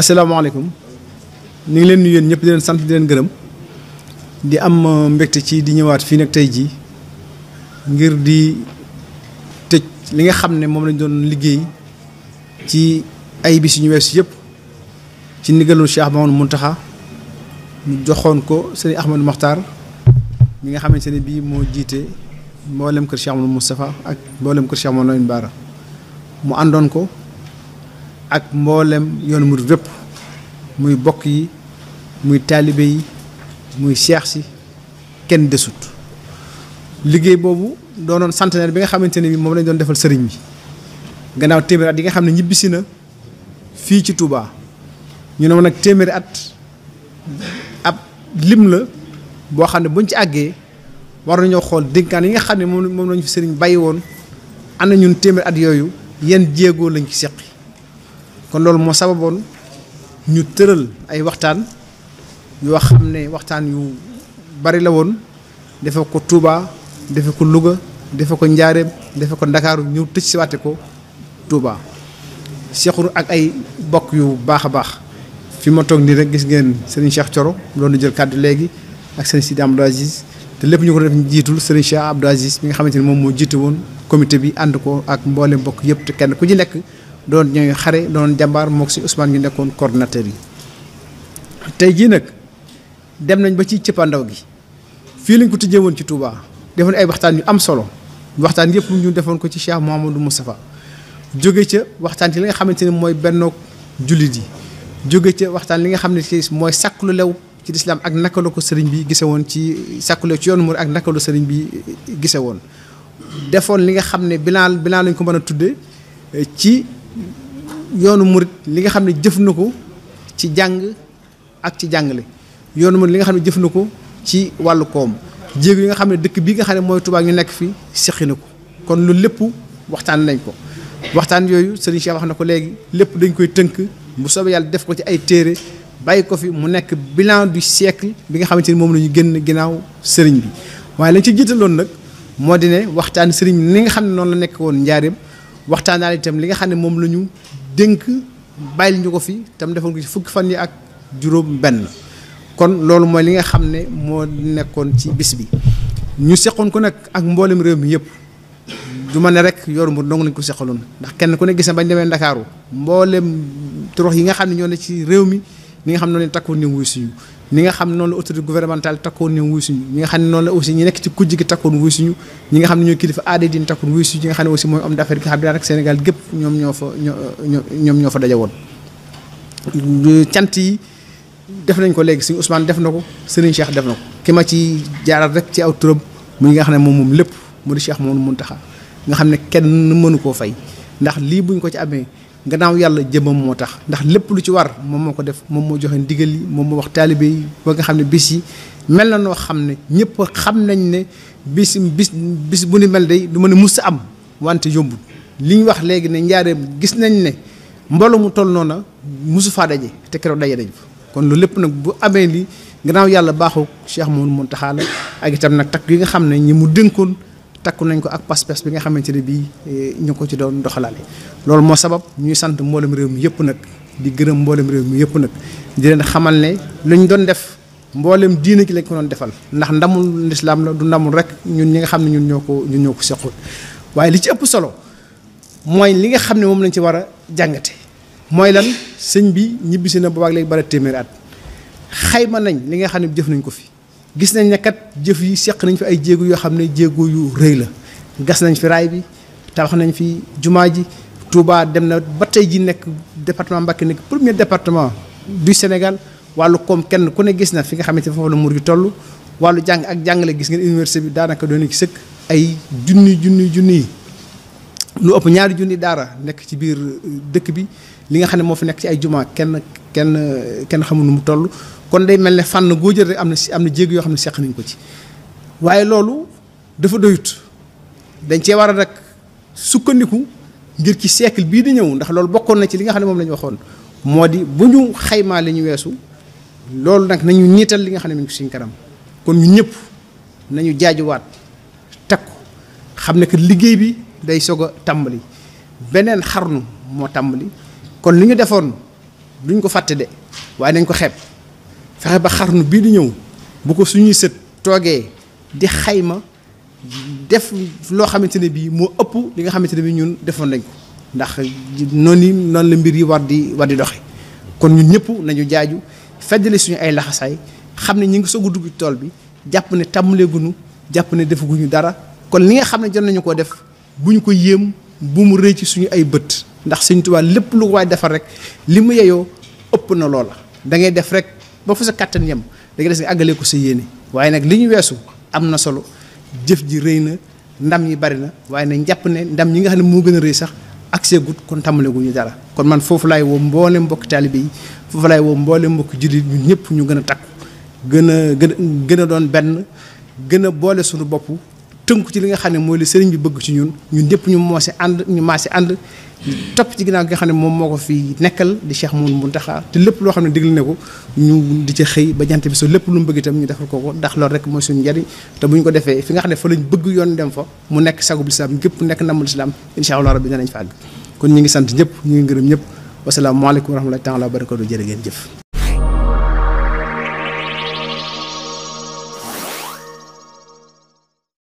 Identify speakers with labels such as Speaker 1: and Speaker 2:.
Speaker 1: asalaamaaleykum ñu ngi leen nuyu yéen ñëpp di leen sant di leen gërëm di am euh, mbegt ci di ñëwaat fii nag tey jii ngir di tëj li nga xam ne moom lañ doon liggéey ci ay bi yu ñu weesu yëpp ci ndigalul Cheikh mun taxa ñu joxoon ko sëriñ Ahmadou Mokhtar mi nga xamante ne bii moo jiite mboolem kër Cheikh Mamadou ak mboolem kër Cheikh Mamadou Lamine Bara mu àndoon ko. ak mboolem yoonu murid yépp muy bokk yi muy taalibe yi muy seex si kenn desut liggéey boobu doonoon centenaire bi nga xamante ne bi moom lañ doon defal sëriñ bi gannaaw téeméeri at yi nga xam ne ñibbisi na fii ci tubaa ñu ne ma nag téeméeri at ab lim la boo xam ne buñ ci àggee war nañoo xool dénkaan yi nga xam ne moom moom lañu fi sëriñ bàyyi woon ana ñun téeméeri at yooyu yan jéegoo lañ ci seqi kon loolu moo sababoon ñu tëral ay waxtaan yoo xam ne waxtaan yu bari la woon defe ko Touba defee ko Louga defe ko Njaareem defe ko Ndakaaru ñëw tëj si waate ko Touba Cheikhour ak ay bokk yu baax a baax fi ma toog nii rek gis ngeen Serigne Cheikh Thioro loolu jël kàddu léegi ak Serigne Sidi Abdou te lépp ñu ko def ñu jiitul Serigne Cheikh Abdou Aziz mi nga xamante ni moom moo jiite woon comité bi ànd ko ak mboolem bokk yëpp te kenn ku ci nekk doon ñooy xare doon jàmbaar mook si Ousmane ñu nekkoon coordonnateur yi tey jii nag dem nañ ba ci cëppandaw gi fii lañ ko tijjee woon ci Touba defoon ay waxtaan yu am solo waxtaan yëpp ñu defoon ko ci Cheikh Mouhamadou Moustapha jóge ca waxtaan ci li nga xamante ne mooy bennook jullit yi jóge ca waxtaan li nga xam ne ci mooy sàkku lu ci lislaam ak naka la ko sëriñ bi gise woon ci sàkku lew ci yoon mur ak naka sëriñ bi gise woon defoon li nga xam ne bilan bilaa lañ ko mën a tudde eh, ci yoonu murit li nga xam ne jëf na ko ci jàng ak ci jàngale yoonu murit li nga xam ne jëf na ko ci wàll koom jéeg yi nga xam ne dëkk bii nga xam ne mooy Tuubaa ñu nekk fi seqi na ko kon loolu lépp waxtaan lañ ko waxtaan yooyu Serigne Cheikh wax na ko léegi lépp dañ koy tënk mu soobee yàlla def ko ci ay téere bàyyi ko fi mu nekk bilan du siècle bi nga xamante ni moom la ñu génn ginnaaw sëriñ bi waaye lañ ci jiitaloon nag moo di ne waxtaan sëriñ ni nga xam ne noonu la nekk woon njaareem waxtaanaale itam li nga xam ne moom lañu ñu dénk bàyyil ñu ko fi tam defoon ko ci fukki fan yi ak juróom benn kon loolu mooy li nga xam ne moo nekkoon ci bis bi ñu seqoon ko nag ak mboolem réew mi yëpp du ma ne rek Yoor Mbuur dong lañ ko seqaloon ndax kenn ku ne gis na bañ demee Ndakaaru mboolem torox yi nga xam ne ñoo ne ci réew mi ni nga xam ne noonu takkoon ni wuy suñu ni nga xam noonu la autorité gouvernementale takkoon ne wuy suñu ñi nga xam ne noonu la aussi ñi nekk ci kujj gi takkoon wuy suñu ñi nga xam ne ñooy kilifa aada diin nga xam ne aussi mooy homme d'affaires Sénégal gépp ñoom ñoo fa ñoom ñoo fa cant yi def nañ ko léegi suñu Ousmane def na ko Serigne Cheikh def na ko ki ma ci jaaral rek ci aw turam muy nga xam ne moom moom lépp mu di Cheikh moom Mountakha nga xam ne kenn mënu koo fay ndax lii buñ ko ci amee gannaaw yàlla jëmmam moo tax ndax lépp lu ci war moom moo ko def moom moo joxee ndigal yi moom moo wax taalibe yi ba nga xam ne bis yi mel na noo xam ne ñëpp xam nañ ne bis bis bis bu ni mel day du ma ne mus am wante yombul li ñu wax léegi ne njaareem gis nañ ne mbooloo mu toll noona musu faa daje te keroog daje dañ fa kon loolu lépp nag bu amee li gannaaw yàlla baaxoo Cheikh Mouhamadou Mountakha la ak itam nag takk yi nga xam ne ñi mu dënkoon takkul nañ ko ak pas-pas bi nga xamante ne bii eh, ñu ko ci doon doxalaale loolu moo sabab ñuy sant mboolem réew mi yëpp nag di gërëm mboolem réew mi yëpp nag di leen xamal ne lu ñu doon def mboolem diine gi lañ ko doon defal ndax ndamul lislaam la du ndamul rek ñun ñi nga xam ne ñun ñoo ko ñun ñoo ko sequl waaye li ci ëpp solo mooy li nga xam ne moom lañ ci war a jàngate mooy lan sëñ bi ñibbisi na boobaag léegi bara téeméeri at xayma nañ li nga xam ne jëf nañ ko fi. gis nañ ne kat jëf yi seq nañ fi ay jéego yoo xam ne jéego yu rëy la gas nañ fi raay bi tabax nañ fi jumaa ji Touba dem na ba tey ji nekk département Mbacké nekk premier département du Sénégal wàllu koom kenn ku ne gis na fi nga xamante ne foofu la mur gi toll wàllu jàng ak jàngale gis ngeen université bi daanaka doon ci sëkk ay junni junni junni yi lu ëpp ñaari junni daara nekk ci biir euh, dëkk bi li nga xam ne moo fi nekk ci ay jumaa kenn kenn kenn xamul nu mu toll kon day mel ne fànn goo jël rek am na si am na jéeg yoo xam ne seex nañ ko ci waaye loolu dafa doyut dañ cee war a rek sukkandiku ngir ci siècle bii di ñëw ndax loolu bokkoon na ci li nga xam ne moom la ñu waxoon moo di bu ñu xaymaa li ñu weesu loolu nag nañu niital li nga xam ne mi ngi suñ kanam kon ñu ñëpp nañu jaajuwaat takku xam ne que liggéey bi day soog a tàmbali beneen xarnu moo tàmbali kon li ñu defoon duñ ko fàtte de waaye nañ ko xeeb fexe ba xarnu bii di ñëw bu ko suñuy sët toogee di xayma def loo xamante ne bii moo ëpp li nga xamante ne bii ñun defoon nañ ko ndax noonu noonu la mbir yi war di war di doxe kon ñun ñëpp nañu jaaju feddali suñu ay laxasaay xam ne ñu ngi soog a dugg tool bi jàpp ne tàmbaleeguñu jàpp ne defaguñu dara kon li nga xam ne jot nañu ko def bu ñu ko yéem bu mu rëy ci suñu ay bët ndax Sëñ Tuubaa lépp lu waay defar rek li mu yeyoo ëpp na loola da ngay def rek ba fa sa kàttan yem da ngay des nga àggalee ko sa yéene waaye nag li ñu weesu am na solo jëf ji rëy na ndam yi bari na waaye nañ njàpp ne ndam yi nga xam ne moo gën a rëy sax ak see gut kon tàmbale dara kon man foofu laay woo mboolee mbokk taalibe yi foofu laay woo mboolem mbokk jullit ñun ñëpp ñu gën a takku gën a gën a gën a doon benn gën a boole sunu bopp tënku ci li nga xam ne mooy li sëriñ bi bëgg ci ñun ñun ñëpp ñu moo si ànd ñu maa si ànd topp ci ginnaaw gi nga xam ne moom moo ko fi nekkal di Cheikh Mouhamadou Mountakha te lépp loo xam ne digal na ko ñu di ca xëy ba jant bi so lépp lu mu bëgg itam ñu defal ko ko ndax loolu rek mooy suñ njariñ te bu ñu ko defee fi nga xam ne fa lañ bëgg yoon dem fa mu nekk sagub lislaam gépp nekk namul lislaam incha allah rabbi danañ fa àgg kon ñu ngi sant ñëpp ñu ngi ngërëm ñëpp wasalaamaaleykum wa rahmatullahi taala wa barakatu jërë ngeen jëf